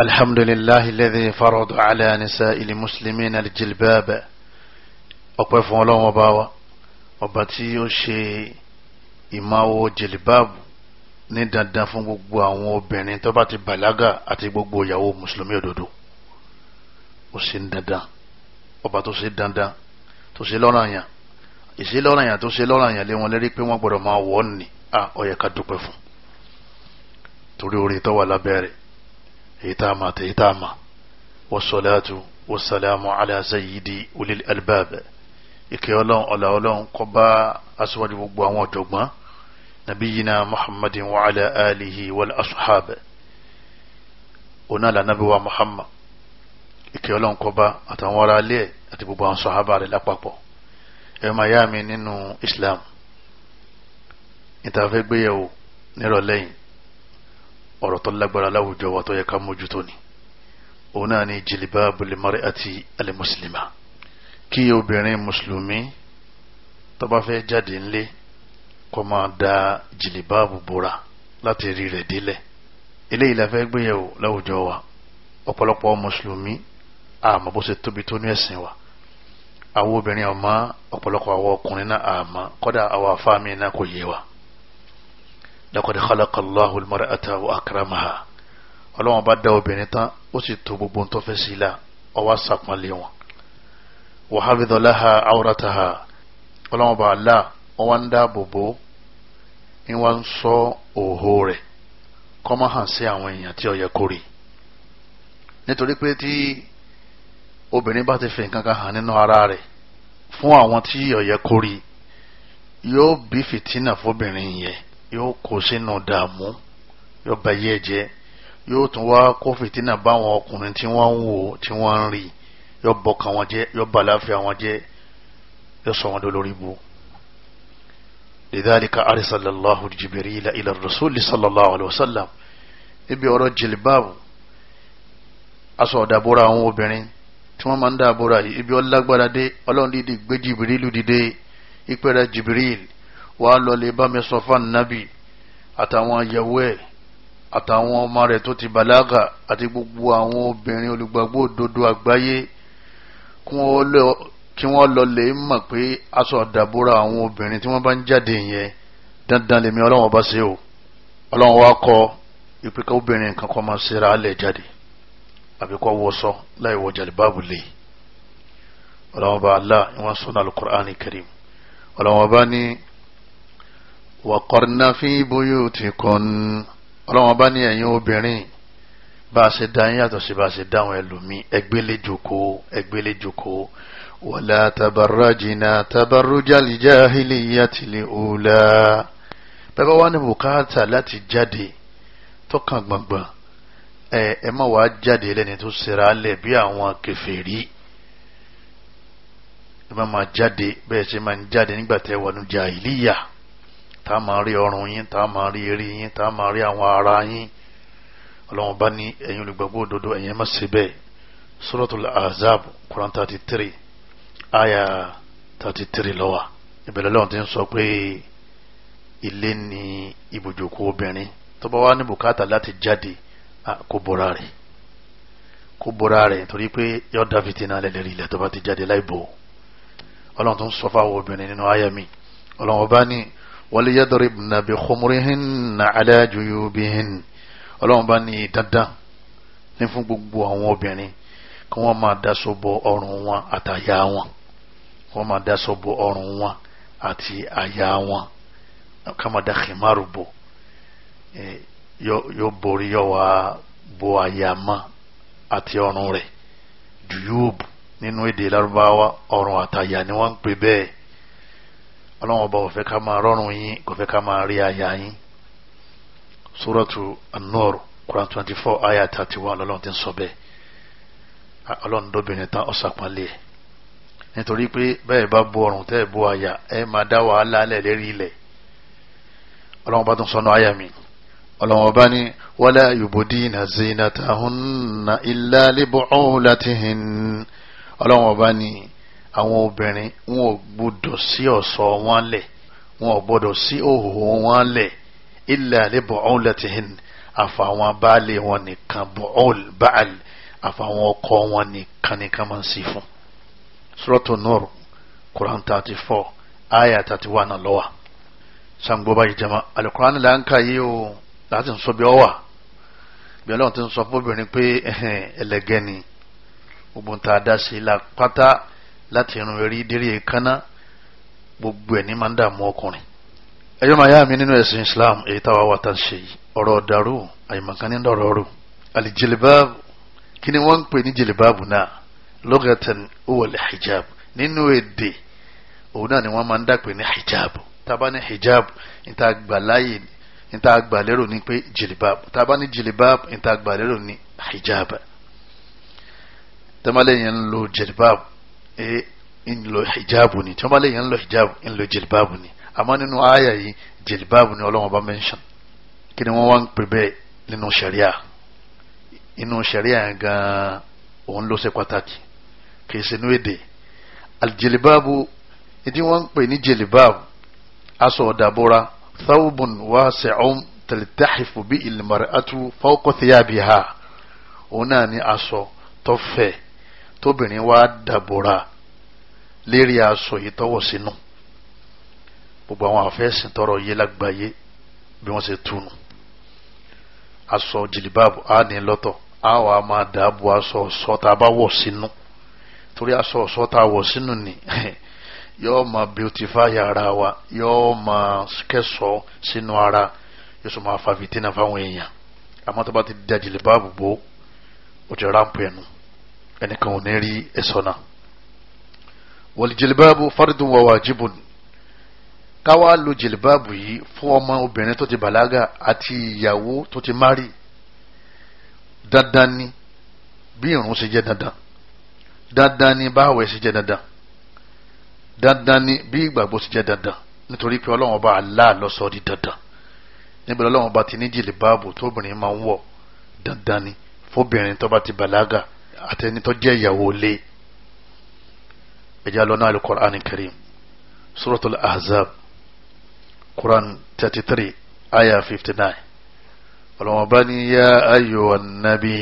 الحمد لله الذي فرض على نساء المسلمين الجلباب ọpẹ́ fún Ọlọ́run ọba wa ọba tí ó ṣe ìmáwọ jìlìbáàbù ní dandan fún gbogbo àwọn obìnrin tó bá ti bàlágà àti gbogbo ìyàwó mùsùlùmí òdodo ó ṣe ń dandan ọba tó ṣe dandan tó ṣe lọ́ranyàn ìṣe lọ́ranyàn tó ṣe lọ́ranyàn lé wọn lérí pé wọ́n gbọ́dọ̀ máa wọ̀ ọ́ à ó dúpẹ́ fún torí oore tó wà lábẹ́ rẹ̀ إيتاما تيتاما والصلاة والسلام على سيدي أولي الألباب ìkẹ́ ọlọ́run ọ̀là ọlọ́run kó bá aṣíwájú gbogbo àwọn ọ̀jọ̀gbọ́n nabiyina muhammadin wa ala alihi wal ashab onala nabiwa muhammad ìkẹ́ ọlọ́run kó bá àtàwọn ará alẹ́ àti gbogbo àwọn sọ̀hábà rẹ̀ lápapọ̀ ẹ máa yá mi nínú islam ìtàfẹ́ gbéyẹ̀wò nírọ̀lẹ́yìn ọ̀rọ̀ tó lágbára láwùjọ wa tó yẹ ká mójútó ni òun náà ni jìlìbáàbù lil mar'ati al muslima kí obìnrin mùsùlùmí tó bá fẹ́ jáde ńlé kó máa da jìlìbáàbù bora láti rí rẹ̀ délẹ̀ eléyìí la fẹ́ gbéyẹ̀wò láwùjọ wa ọ̀pọ̀lọpọ̀ mùsùlùmí àmọ́ bó ṣe tóbi tó ní ẹ̀sìn wa àwọn obìnrin àmọ́ ọ̀pọ̀lọpọ̀ àwọn ọkùnrin náà àmọ́ kọ́dà àwọn àfáàmì náà kò yé wa laqad khalaqa Allahu al-mar'ata wa akramaha ọlọ́wọ́n bá dá obìnrin tán ó sì tó gbogbo tó fẹ́ sí i la ọwọ́ sàpọ̀nlé wọn wa hafidha laha awrataha ọlọ́wọ́n bá la ọwọ́ ń dáàbò bò ń wá ń sọ òhò rẹ̀ kọ́mọ́ hàn sí àwọn èèyàn tí ó kórè nítorí pé tí obìnrin bá ti fi nǹkan kan hàn nínú ara rẹ̀ fún àwọn tí ó kórè yóò bí fìtínà fóbìnrin yẹn yóò kó sínú dààmú yóò bà yé jẹ́ yóò tún wá kó fìtínà báwọn ọkùnrin tí wọ́n ń wò tí wọ́n ń rí yóò bọkàn wọn jẹ́ yóò bà láfíà wọn jẹ́ yóò sọ wọn dolórí bu. لذلك أرسل الله جبريل إلى الرسول صلى الله عليه وسلم ibi ọ̀rọ̀ jìlìbáàbù aṣọ ọ̀dàbọ̀ra àwọn obìnrin tí wọ́n máa ń dàbọ̀ra yìí ibi ọlágbára dé ọlọ́run dídì gbé jìbìrìlù dìde ìpẹ́rẹ́ jìbìrìlù wàá lọlé bá mi sọ fún nàbì àtàwọn ìyàwó ẹ̀ àtàwọn ọmọ rẹ̀ tó ti bàlágà àti gbogbo àwọn obìnrin olùgbàgbọ́ òdodo àgbáyé kí wọ́n lọlé mọ̀ pé aṣọ àdàbòrà àwọn obìnrin tí wọ́n bá ń jáde yẹn dandan lèmi ọlọ́wọ́n bá ṣe o ọlọ́wọ́n wá kọ ìpínká obìnrin kan kọ́ máa ṣera alẹ́ jáde àbíkọ́ wọ́sọ láì wọ jàlibáàbù lè ọlọ́wọ́n bá Allah ìwọ̀n sọ́nà alukur'an karim ọlọ́wọ́n bá ní wàkọ̀rìnà fi buyutikunna ọlọ́wọ́n bá ní ẹ̀yin obìnrin bá a ṣe dá yín yàtọ̀ sí bá a ṣe dáhùn ẹlòmíì ẹgbẹ́lẹ́ jókòó ẹgbẹ́lẹ́ jókòó wàlá tabarajina tabarujali jahiliyatil ula bẹ́ẹ̀ bá ní bùkátà láti jáde tó kàn gbọ̀ngbọ̀n ẹ má wàá jáde lẹ́ni tó ṣera lẹ̀ bí àwọn kèfèrí ẹ má máa jáde bẹ́ẹ̀ ṣe máa ń jáde nígbà tẹ́ wọnú jahiliya tá a máa rí ọrùn yín tá a máa rí eré yín tá a máa rí àwọn ara yín ọlọ́run bá ní ẹ̀yin olùgbàgbọ́ òdodo ẹ̀yin má ṣe bẹ́ẹ̀ suratul ahzab quran thirty three aya thirty three lọ́wọ́ ìbẹ̀rẹ̀ lọ́wọ́ ti ń sọ pé ilé ni ibùjókòó obìnrin tó bá wà ní bùkátà láti jáde kó bọ́ra rẹ̀ kó bọ́ra rẹ̀ torí pé yọ dáfitì náà lẹ́lẹ́rìí ilẹ̀ tó bá ti jáde láì bò ọlọ́run tó ń sọ fáwọn obìnrin nínú aya ọlọ́run ọba ní waliyadribna bi على جيوبهن، juyubihin ọlọ́run bá ní dandan ní fún gbogbo àwọn obìnrin kí wọ́n máa daṣọ bo ọrùn wọn àtàyà wọn kí wọ́n máa daṣọ bo ọrùn wọn àti àyà wọn ká máa da khimaru bo yóò borí yóò wá bo àyà mọ́ àti ọrùn rẹ̀ juyub nínú èdè lárúbáwá ọrùn àtàyà ni wọ́n ń pè bẹ́ẹ̀ ọlọ́run ọba ò fẹ́ ká máa rọrùn yín kò fẹ́ ká máa rí aya yín suratu an-nur quran twenty four aya thirty one ọlọ́run ti ń sọ bẹ́ẹ̀ ọlọ́run dóbìnrin tán ọ̀sàpọ̀nlé ẹ̀ nítorí pé bẹ́ẹ̀ bá bo ọrùn tẹ́ ẹ̀ bo àyà ẹ̀ máa dá wàhálà alẹ́ lérí ilẹ̀ ọlọ́run bá tún sọnù àyà mi ọlọ́run ọba ní wala yubdina zinatahunna illa libu'ulatihin ọlọ́run ọba ní àwọn obìnrin wọn ò gbọdọ̀ sí ọ̀ṣọ́ wọn lẹ̀ wọn ò gbọdọ̀ sí òhò wọn lẹ̀ illa li bu'ulatihin àfàwọn baálé wọn nìkan bu'ul baal àfàwọn ọkọ wọn nìkan nìkan máa ń sí fún. suratu nur quran thirty four aya thirty one lọ́wọ́ sango báyìí jama alukur'an là ń ka yìí o láti sọ bí ọ wà bí ọlọ́run ti sọ fún obìnrin pé ẹlẹ́gẹ́ ni gbogbo ń ta dá sí la pátá láti irun rí dérí èékánná gbogbo ẹ̀ ní máa ń dààmú ọkùnrin ẹyọ máa yá mi nínú ẹ̀sìn Islam èyí táwa wà tá a ṣe yìí ọ̀rọ̀ ọ̀dàrú àyèmọ̀kan ní dọ̀rọ̀ rò àlìjìlìbáàbù kí ni wọ́n ń pè ní jìlìbáàbù náà lọ́gàtàn owó hijab nínú èdè òun náà ni wọ́n máa ń dàpè ní hijab tábà ní hijab níta gbà láàyè níta gbà lérò ní pé jìlìbáàbù tábà ní jìlìbáàbù níta gbà lérò ní hijab tẹ́mọ́lẹ́yìn ń lo jìlìbáàbù ee ń lo hijabu ni tí wọ́n bá lè yàn ń lo hijabu ń lo jilbabu ni àmọ́ nínú àyà yìí jilbabu ni ọlọ́wọ́n bá mention kí ni wọ́n wá ń pè bẹ́ẹ̀ nínú sẹ̀ríà inú sẹ̀ríà yẹn gan òun ló ṣe pàtàkì kì ṣe inú èdè aljilbabu ìdí wọ́n ń pè ní jilbabu aṣọ ọ̀dàbọ̀ra thawbun wasi'un taltahifu bi ilmar'atu fawqa thiyabiha òun náà ni aṣọ tó fẹ̀ẹ́ tóbìnrin wá dàbòrà lérí aṣọ yìí tọwọ́ sínú gbogbo àwọn àfẹ́sìn tọrọ yé lágbàáyé bí wọ́n ṣe túnu aṣọ jìlìbáàbù á ní lọ́tọ̀ á wà máa dàbò aṣọ ọ̀ṣọ́ tá a bá wọ̀ sínú torí aṣọ ọ̀ṣọ́ tá a wọ̀ sínú ni yóò máa beautify ara wa yóò máa kẹsọ̀ sínú ara yóò sì máa fa fìtínà fáwọn èèyàn àmọ́ tó bá ti di jìlìbáàbù bò ó ti ráńpù ẹnu ẹnìkan ò ní rí ẹ̀sọ́ náà wal jilbabu fardun wa wajibun káwá lo jìlìbáàbù yìí fún ọmọ obìnrin tó ti bàlágà àti ìyàwó tó ti márì dandan ni bí irun ṣe jẹ dandan dandan ni báwẹ̀ ṣe jẹ dandan dandan ni bí ìgbàgbọ́ ṣe jẹ dandan nítorí pé ọlọ́run ọba Allah ló di dandan níbi ọlọ́run ọba ti ní jìlìbáàbù tóbìnrin máa ń wọ̀ dandan ni fóbìnrin tó bá ti bàlágà àtẹnitọ́ jẹ́ ìyàwó lé ẹ̀jẹ̀ alọ́nà alukur'an karim suratul ahzab quran thirty three ayah fifty nine ọlọ́wọ́n bá ní yá ayò ànábì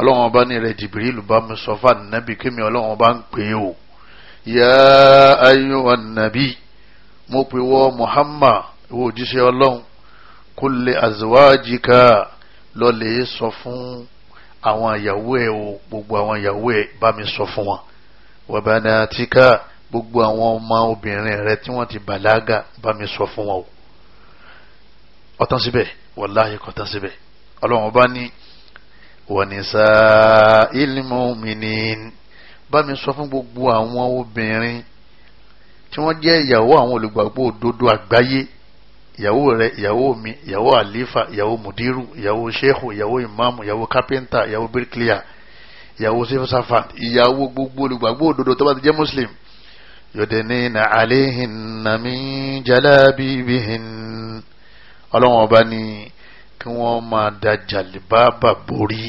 ọlọ́wọ́n bá ní rẹ̀ jìbìrìlù bá mi sọ fún ànábì kí mi ọlọ́wọ́n bá ń pè é o yá ayò ànábì mo pè wọ́ muhammad ìwọ òjíṣẹ́ ọlọ́run kulli azwajika lọ́lẹ̀ sọ fún àwọn ìyàwó ẹ o gbogbo àwọn ìyàwó ẹ bá mi sọ fún wọn wa banatika gbogbo àwọn ọmọ obìnrin rẹ tí wọ́n ti bàlágà bá mi sọ fún wọn o ọtán síbẹ̀ wàláhì kọtán síbẹ̀ ọlọ́run ọba ní wa nisa'il mu'minin bá mi sọ fún gbogbo àwọn obìnrin tí wọ́n jẹ́ ìyàwó àwọn olùgbàgbọ́ òdodo àgbáyé ìyàwó rẹ ìyàwó mi ìyàwó àlífà ìyàwó mùdírù ìyàwó ṣéhù ìyàwó ìmáàmù ìyàwó kápẹ́ńtà ìyàwó bíríkìlíà ìyàwó sífẹ́sáfà ìyàwó gbogbo olùgbàgbọ́ òdodo tó bá ti jẹ́ muslim yudnina alayhinna min jalabibihin ọlọ́wọ́n ọba ni kí wọ́n máa da jàlìbábà borí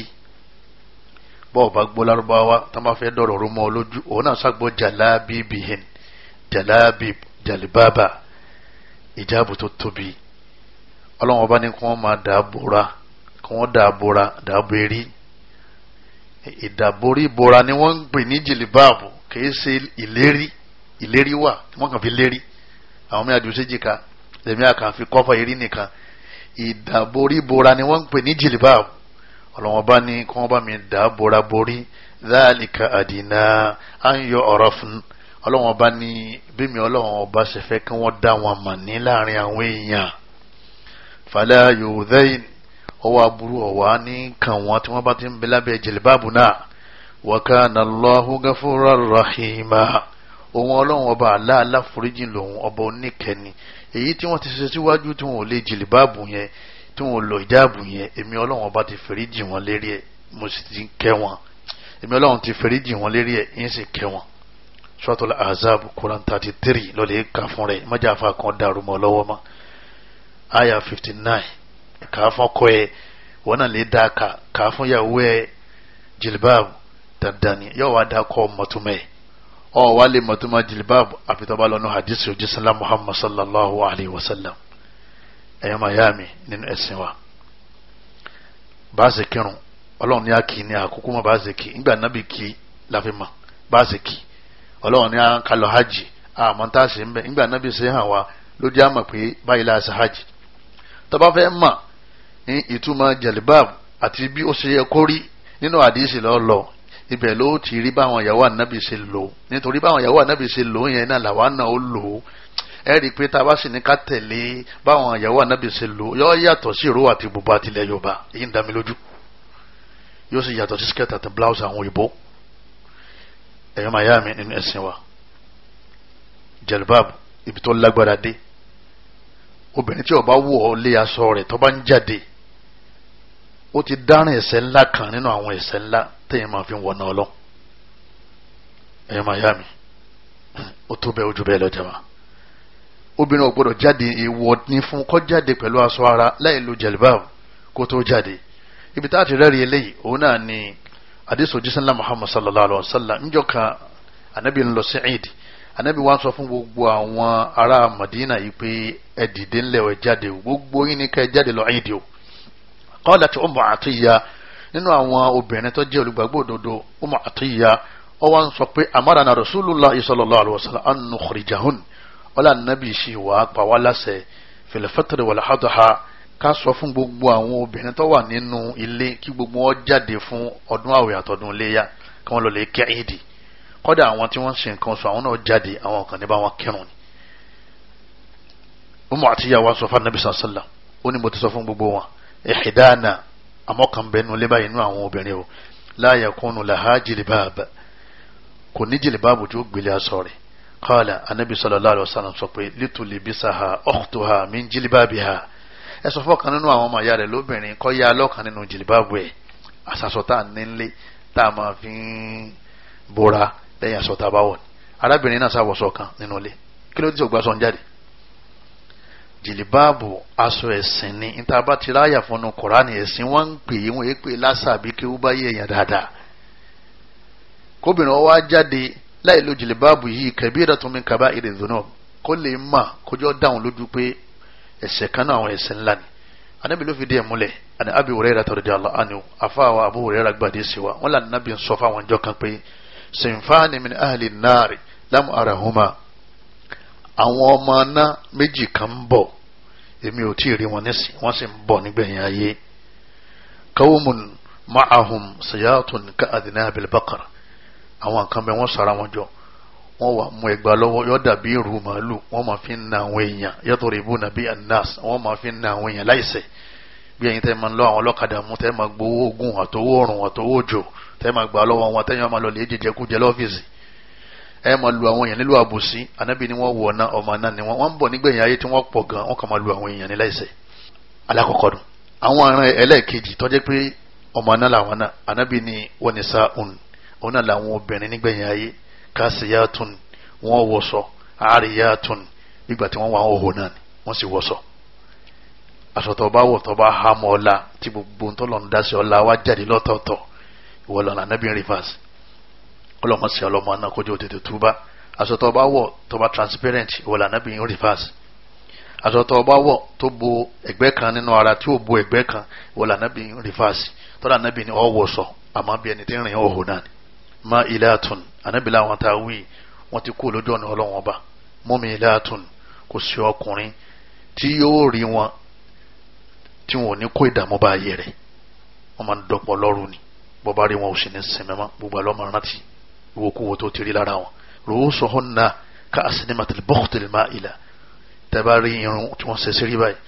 bọ́ọ̀ bá gbọ́ lárúbáwá tó máa fẹ́ dọ̀rọ̀ rúmọ́ lójú òun náà sàgbọ́ jalabibihin jalabib jàlìbábà ìjáàbù tó tóbi ọlọ́run ọba ní kí wọ́n máa dàbòra kí wọ́n dàbòra dàbò erí ìdàbòrí ìbora ni wọ́n ń pè ní jìlìbáàbù kìí ṣe ìlérí ìlérí wà wọ́n kàn fi lérí àwọn mìíràn dùn sí jìkà lèmi àkàn fi kọ́fà erí nìkan ìdàbòrí ìbora ni wọ́n ń pè ní jìlìbáàbù ọlọ́run ọba ní kí wọ́n bá mi dàbòra borí dáàlìkà àdínà à ń yọ ọ̀rọ̀ fún un ọlọ́wọ́n ọba ní bímí ọlọ́wọ́n ọba ṣe fẹ́ kí wọ́n dá wọn mọ̀ ní láàrin àwọn èèyàn fàlẹ́ yorùdẹ́yìn ọwọ́ aburú ọ̀wá ní kàn wọ́n tí wọ́n bá ti ń bẹ lábẹ́ jìlìbáàbù náà wa kana Allahu ghafurur rahima òun ọlọ́wọ́n ọba aláàlá foríjìn lòun ọba oníkẹ́ni èyí tí wọ́n ti ṣe síwájú tí wọ́n ò lè jìlìbáàbù yẹn tí wọ́n lò ìjáàbù yẹn èmi ọlọ́wọ́n ọba ti foríjìn wọn lérí ẹ̀ mo sì ti kẹ́ wọn èmi ọlọ́wọ́n ti foríjìn wọn lérí ẹ̀ yín sì kẹ́ wọn suratul azab quran thirty three lọ́lẹ̀ kà fún rẹ̀ mọ́jà afa kan dàrú aya fifty nine kà fún ọkọ ẹ wọn náà lè da kà kà fún yàwó ẹ jilbab dandan ni yóò wá da kọ́ mọ̀túmọ̀ ẹ ọ wá lè mọ̀túmọ̀ jilbab àfitọ́ba lọ́nu hadith ojúsàlá muhammad sallallahu alaihi wa sallam ẹ̀yọ́ mayami nínú ẹ̀sìn wa bá a ṣe kírun ọlọ́run ní a kì í ní àkókò mọ́ a ṣe kì í nígbà nábì kì í láfi mọ́ bá a ṣe ọlọ́run ní kálọ̀ hajj àmọ́ tá a sì ń bẹ̀ nígbà náà bí ṣe hàn wá ló jẹ́ àmọ̀ pé báyìí láti hajj tó bá fẹ́ mọ̀ ní ìtumọ̀ jalibab àti bí ó ṣe yẹ kó rí nínú àdìsí lọ́ọ́ lọ ibẹ̀ ló ti rí báwọn ìyàwó ànábì ṣe lò nítorí báwọn ìyàwó ànábì ṣe lò yẹn náà làwa náà ó lò ó ẹ rí i pé tá a bá sì ní ká tẹ̀lé báwọn ìyàwó ànábì ṣe lò yọ yàtọ̀ sí ìró àti bùbá tilẹ̀ yorùbá èyí ń dá mi lójú yóò sì yàtọ̀ sí skẹ́tà àti blouse àwọn òyìnbó ẹ̀yọ́ máa yá mi nínú ẹ̀sìn wa jalbab ibi tó lágbára dé obìnrin tí ó bá wọ̀ ọ́ lé aṣọ rẹ̀ tó bá ń jáde ó ti dárìn ẹ̀ṣẹ̀ ńlá kan nínú àwọn ẹ̀ṣẹ̀ ńlá téèyàn máa fi wọnà ọlọ́ ẹ̀yọ́ máa yá mi ó tó bẹ́ẹ̀ ojú bẹ́ẹ̀ lọ́jà máa obìnrin ò gbọ́dọ̀ jáde èèwọ̀ ni fún kó jáde pẹ̀lú aṣọ ara láì lo jalbab kó tó jáde ibi tá ti rẹ́rìí eléyìí òun náà ni àdìsí òjísánlá muhammad sallallahu alayhi wa sallam ń jọka anabi ń lọ sí ẹ̀ẹ́dì anabi wa sọ fún gbogbo àwọn ará madina yìí pé ẹ dìde ńlẹ̀ ẹ jáde gbogbo yín ni ká ẹ jáde lọ ẹ̀ẹ́dì o kọ́lá tí Ummu Atiyya nínú àwọn obìnrin tó jẹ́ olùgbàgbọ́ òdodo Ummu Atiyya ó wá ń sọ pé amarana rasulullah sallallahu alayhi wa sallam an nukhrijahun wala anabi ṣì wà pàwọ́ láṣẹ fil fitr wal adha ká sọ fún gbogbo àwọn obìnrin tó wà nínú ilé kí gbogbo wọn jáde fún ọdún àwẹ̀ àtọdún iléyà kí wọn lọ lè kí ẹyìndì kódà àwọn tí wọn ń ṣe nǹkan sọ àwọn náà jáde àwọn kan ní wọn kírun ni. umu àti sọ fún anabi sàlá ó ní mo ti sọ fún gbogbo wọn ìhìdáàna àmọkànbẹnu lé báyìí nínú àwọn obìnrin o láàyè kúnnu làhá jìlìbáàbà kò ní jìlìbáàbù tí ó gbélé aṣọ rẹ̀ kọ́ọ̀là anabi sọlá aláàlú sàlám sọ pé lítùlì bísà ha ọ̀kùtù ẹ sọ fọkàn nínú àwọn ọmọ ìyá rẹ lóbìnrin kọ́ ya lọ́kàn nínú jìlìbáàbù ẹ̀ àṣàṣọ nílé tá a máa fi ń bora lẹ́yìn aṣọ tá a bá wọ̀ ni arábìnrin náà ṣàwọ̀sọ kan nínú ilé kí ló dé tí ògbà sọ ń jáde jìlìbáàbù aṣọ ẹ̀sìn ni níta bá ti ráyà fúnnu kùránì ẹ̀sìn wọ́n ń pè é wọ́n èé pè é lásà bí kí ó bá yé èèyàn dáadáa kóbìnrin wa jáde láì lo jìlìbáàbù yìí kẹ̀bí ìdàtúnmí kaba ìrìnzónà kó lè mà kójọ́ dáhùn lójú pé ẹ̀ṣẹ̀ kan náà àwọn ẹ̀ṣẹ̀ ńlá ni anabi ló fi dé ẹ̀ múlẹ̀ àni abi Huraira radiyallahu anhu afáwa abu Huraira gbàdé sí wa wọn lànà nàbí sọ fáwọn ọjọ́ kan pé sinfani min ahli nari lam arahuma àwọn ọmọ aná méjì kan ń bọ̀ èmi ò tí ì rí wọn nísìn wọ́n sì ń bọ̀ nígbẹ̀yìn ayé kawumun ma'ahum sayatun ka adinabil bakar àwọn kan bẹ wọ́n sara wọn jọ wọ́n wà mú ẹgbà lọ́wọ́ yọ dàbí ìrù màálù wọ́n máa fi ń na àwọn èèyàn yàtọ̀ rìbú nàbí anas wọ́n máa fi ń na àwọn èèyàn láìsẹ̀ bí ẹ̀yin tẹ́ máa ń lọ àwọn ọlọ́kadà mú tẹ́ máa gbowó ogun àtọwó ọ̀rùn àtọwó òjò tẹ́ máa gbà lọ́wọ́ wọn tẹ́yìn máa lọ lè jẹjẹ kú jẹ lọ́fíìsì ẹ máa lu àwọn èèyàn nílùú àbòsí anábì ni wọ́n wọ̀ ná ọmọ náà ni wọ́n wọ́n ń bọ̀ nígbẹ̀yìn ayé tí wọ́n pọ̀ gan wọ́n kàn máa lu àwọn èèyàn ní láìsẹ̀ àwọn ará ẹlẹ́ẹ̀kejì tó pé ọmọ náà làwọn náà anábì ni wọ́n ní sáà òun òun náà làwọn obìnrin nígbẹ̀yìn ayé kásíyàtún wọ́n wọṣọ àríyàtún nígbà tí wọ́n wà ń hò náà ni wọ́n sì wọṣọ aṣọ tó bá wọ̀ tó bá há mọ́ ọ̀la tí gbogbo ń tọ́lọ̀ ń dá sí ọ̀la wá jáde lọ́tọ̀ọ̀tọ̀ ìwọ lọ́nà anábì rivers ọlọ́mọ sí ọlọ́mọ náà kójú òtètè túbá aṣọ bá wọ̀ tó bá transparent ìwọ lọ́nà anábì rivers aṣọ tó bá wọ̀ tó bo ẹ̀gbẹ́ kan nínú ara tí ò bo ẹ̀gbẹ́ kan ìwọ lọ́nà anábì rivers tọ́lá anábì ni ọ̀ wọ̀ṣọ àmọ́ bí ẹni tí ń rìn ọ̀hún náà ni ma'ilatun anabila àwọn tá a wí wọ́n ti kú lójú ọ̀nà ọlọ́wọ́n ọba mumilatun kò sí ọkùnrin tí yóò rí wọn tí wọn ò ní kó ìdààmú bá ayé rẹ̀ wọ́n máa ń dọ̀pọ̀ lọ́rùn ni bọ́bá rí wọn ò sì ní sinmi mọ́ gbogbo àlọ́ máa rántí ìwòkúwò tó ti rí lára wọn ruusuhunna ka asinimatil bukhtil ma'ila tẹ́bárí irun tí wọ́n ṣe sí rí báyìí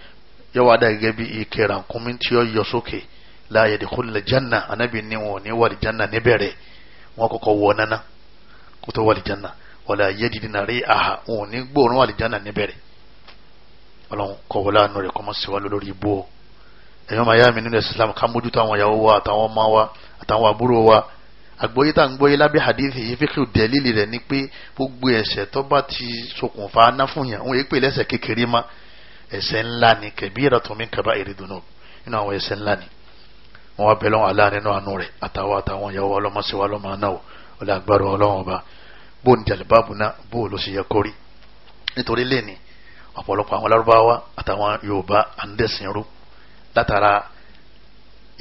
yóò wá gẹ́gẹ́ bí ike rànkúnmí tí ó yọ sókè la yadkhulul janna anábì ní wọn ò ní wà ní janna níbẹ̀rẹ̀ wọn kọ́kọ́ wọ nana kó tó wà lìjánà wàlá yẹ́dìdì náà rí àhà wọn ò ní gbóòórùn wà lìjánà níbẹ̀rẹ̀ ọlọ́run kọ́ wọlé àánú rẹ̀ kọ́ mọ́ sí wa lórí ibú o ẹ̀yọ́ máa yá mi nínú ẹ̀sìn Islam ká mójútó àwọn ìyàwó wa àtàwọn ọmọ wa àtàwọn àbúrò wa àgbóyé tá à ń gbóyé lábẹ́ hadith yìí fíkì dẹ́lílì rẹ̀ ni pé gbogbo ẹ̀ṣẹ̀ tó bá ti ṣokùnfà anáfùyàn òun èèpè lẹ́ṣẹ̀ kékeré má ẹ̀ṣẹ̀ ńlá ni kẹ̀bí ìrà mi kaba èrè dùnú nínú àwọn ẹ̀ṣẹ̀ ńlá ni wọn wá bẹ lọ́wọ́ Allah nínú àánú rẹ̀ àtàwọn àtàwọn ìyàwó ọlọ́mọṣẹ́wà lọ́mọ anáwó ọlẹ́ agbára ọlọ́wọ́n ọba bó ní jàlùbáàbù náà bó ló ṣe yẹ kórí nítorí lẹ́ni ọ̀pọ̀lọpọ̀ àwọn alárúbáwá àtàwọn yorùbá àndẹ̀sìnrú látara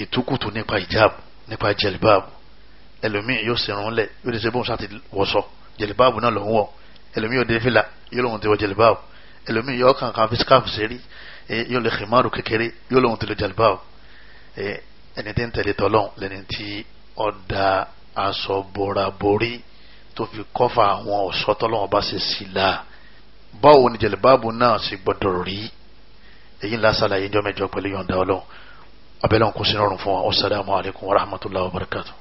ìtúkùtù nípa ìjáàbù nípa jàlùbáàbù ẹlòmíì yóò sẹ̀rùn lẹ̀ yóò lè ṣe bóun sáà ti wọ̀ṣọ jàlùbáàbù náà lòún wọ̀ ẹlòmíì yóò dé fìlà yóò lòun ti wọ jàlùbáàbù ẹlòmíì yóò kàn kàn fi skáàfù ṣeré yóò lè ximáàrù kékeré yóò lòun ti lo jàlùbáàbù ẹni tí ń tẹ̀lé tọ́lọ́n lẹ́ni tí ọ̀dà aṣọ boraborí tó fi kọ́fà àwọn ọ̀ṣọ́ tọ́lọ́wọ́n bá ṣe sí la báwo ni jẹ̀lẹ̀báàbù náà ṣe gbọ́dọ̀ rí èyí ńlá sàlàyé jọ́mẹ́jọ pẹ̀lú yọ̀ǹda ọlọ́run abẹ́lẹ́ òun kò sí fún wa assalamu alaikum warahmatullahi wabarakatuh